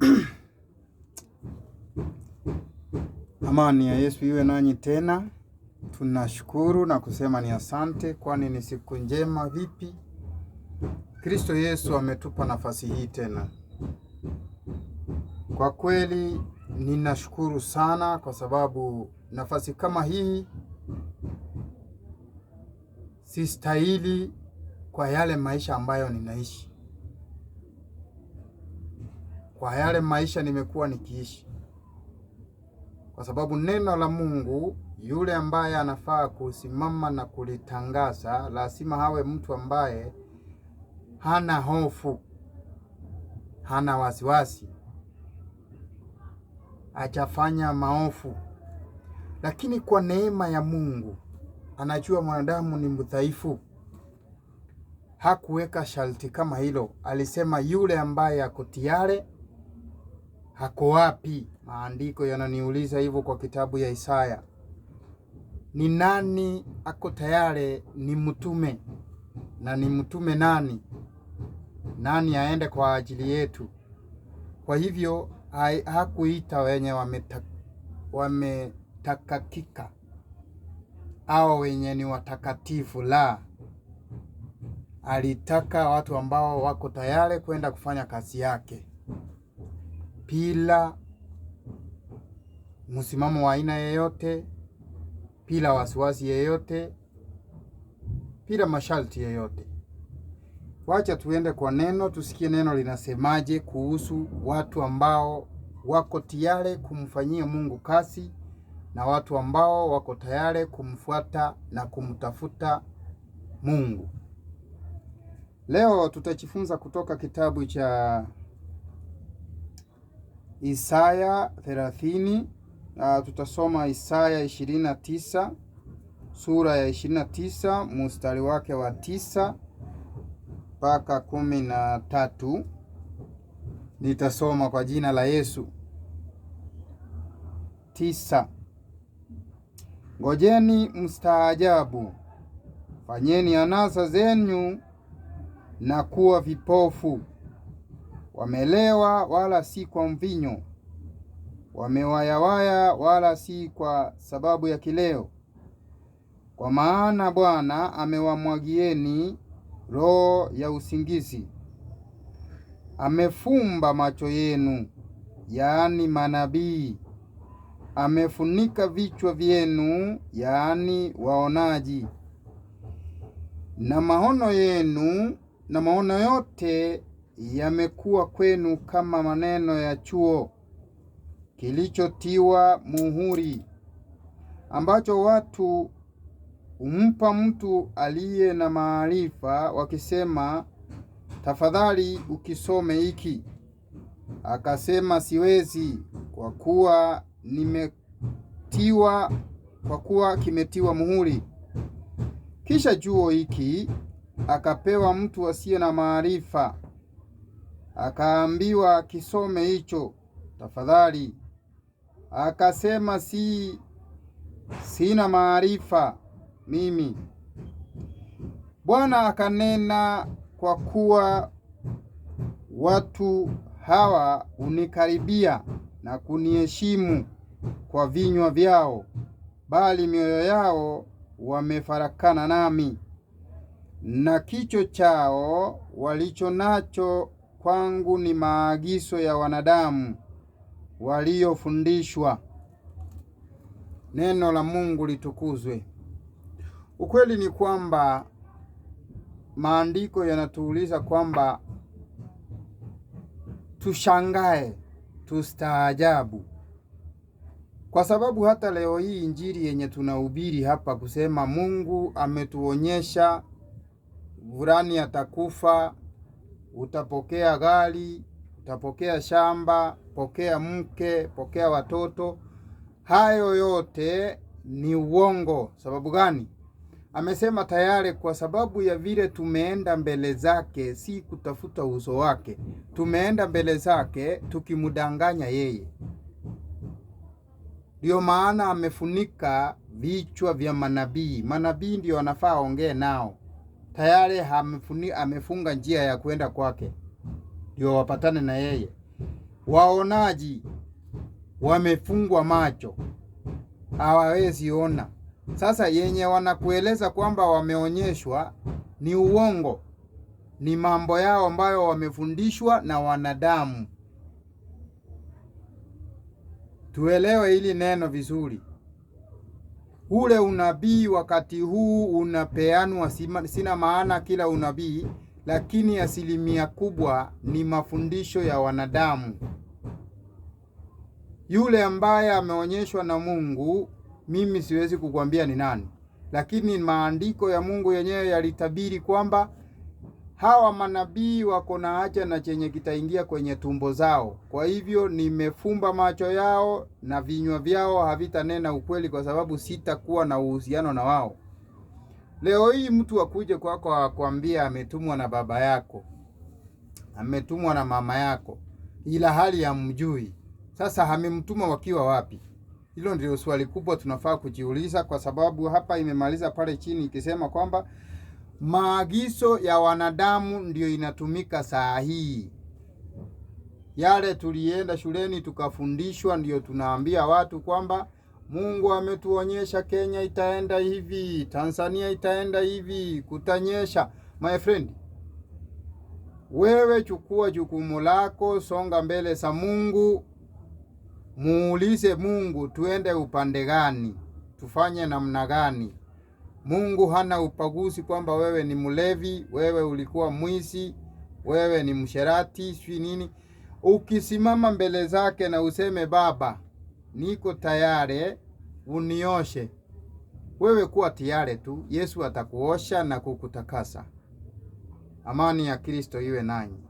Amani ya Yesu iwe nanyi tena. Tunashukuru na kusema ni asante, kwani ni siku njema vipi Kristo Yesu ametupa nafasi hii tena. Kwa kweli ninashukuru sana kwa sababu nafasi kama hii sistahili kwa yale maisha ambayo ninaishi kwa yale maisha nimekuwa nikiishi, kwa sababu neno la Mungu yule ambaye anafaa kusimama na kulitangaza lazima hawe mtu ambaye hana hofu, hana wasiwasi, achafanya maofu Lakini kwa neema ya Mungu anajua mwanadamu ni mdhaifu, hakuweka sharti kama hilo. Alisema yule ambaye ako tayari hako wapi? Maandiko yananiuliza hivyo kwa kitabu ya Isaya. Ni nani ako tayari ni mtume na ni mtume nani? Nani aende kwa ajili yetu? Kwa hivyo hakuita wenye wametakakika wame au wenye ni watakatifu, la, alitaka watu ambao wako tayari kwenda kufanya kazi yake bila msimamo wa aina yeyote, bila wasiwasi yeyote, bila masharti yeyote. Wacha tuende kwa neno, tusikie neno linasemaje kuhusu watu ambao wako tayari kumfanyia Mungu kazi na watu ambao wako tayari kumfuata na kumtafuta Mungu. Leo tutajifunza kutoka kitabu cha Isaya 30 uh, tutasoma Isaya 29 sura ya 29 mstari wake wa tisa mpaka kumi na tatu. Nitasoma kwa jina la Yesu. Tisa. Ngojeni mstaajabu, fanyeni anasa zenyu na kuwa vipofu wamelewa wala si kwa mvinyo, wamewayawaya wala si kwa sababu ya kileo, kwa maana Bwana amewamwagieni roho ya usingizi. Amefumba macho yenu, yaani manabii, amefunika vichwa vyenu, yaani waonaji, na maono yenu na maono yote yamekuwa kwenu kama maneno ya chuo kilichotiwa muhuri, ambacho watu humpa mtu aliye na maarifa, wakisema, tafadhali ukisome hiki. Akasema, siwezi, kwa kuwa nimetiwa, kwa kuwa kimetiwa muhuri. Kisha chuo hiki akapewa mtu asiye na maarifa akaambiwa akisome hicho tafadhali. Akasema si, sina maarifa mimi. Bwana akanena, kwa kuwa watu hawa unikaribia na kuniheshimu kwa vinywa vyao, bali mioyo yao wamefarakana nami, na kicho chao walicho nacho kwangu ni maagizo ya wanadamu waliofundishwa. Neno la Mungu litukuzwe. Ukweli ni kwamba maandiko yanatuuliza kwamba tushangae, tustaajabu, kwa sababu hata leo hii injili yenye tunahubiri hapa kusema Mungu ametuonyesha fulani atakufa utapokea gari, utapokea shamba, pokea mke, pokea watoto. Hayo yote ni uongo. Sababu gani? Amesema tayari kwa sababu ya vile tumeenda mbele zake, si kutafuta uso wake. Tumeenda mbele zake tukimdanganya yeye. ndio maana amefunika vichwa vya manabii. Manabii ndio anafaa ongee nao tayari amefunga njia ya kwenda kwake, ndio wapatane na yeye. Waonaji wamefungwa macho, hawawezi ona. Sasa yenye wanakueleza kwamba wameonyeshwa ni uongo, ni mambo yao ambayo wamefundishwa na wanadamu. Tuelewe hili neno vizuri ule unabii wakati huu unapeanwa, sina maana kila unabii, lakini asilimia kubwa ni mafundisho ya wanadamu. Yule ambaye ameonyeshwa na Mungu, mimi siwezi kukwambia ni nani, lakini maandiko ya Mungu yenyewe yalitabiri kwamba hawa manabii wako na acha na chenye kitaingia kwenye tumbo zao. Kwa hivyo nimefumba macho yao na vinywa vyao havitanena ukweli, kwa sababu sitakuwa na uhusiano na wao. Leo hii mtu akuje kwako akwambia ametumwa na baba yako, ametumwa na mama yako, ila hali hamjui. Sasa amemtuma wakiwa wapi? Hilo ndio swali kubwa tunafaa kujiuliza, kwa sababu hapa imemaliza pale chini ikisema kwamba maagizo ya wanadamu ndiyo inatumika saa hii. Yale tulienda shuleni tukafundishwa ndiyo tunaambia watu kwamba Mungu ametuonyesha Kenya itaenda hivi, Tanzania itaenda hivi, kutanyesha. My friend, wewe chukua jukumu lako, songa mbele za Mungu, muulize Mungu tuende upande gani, tufanye namna gani. Mungu hana upaguzi kwamba wewe ni mlevi, wewe ulikuwa mwizi, wewe ni msherati, si nini. Ukisimama mbele zake na useme Baba, niko tayari unioshe, wewe kuwa tayari tu, Yesu atakuosha na kukutakasa. Amani ya Kristo iwe nanyi.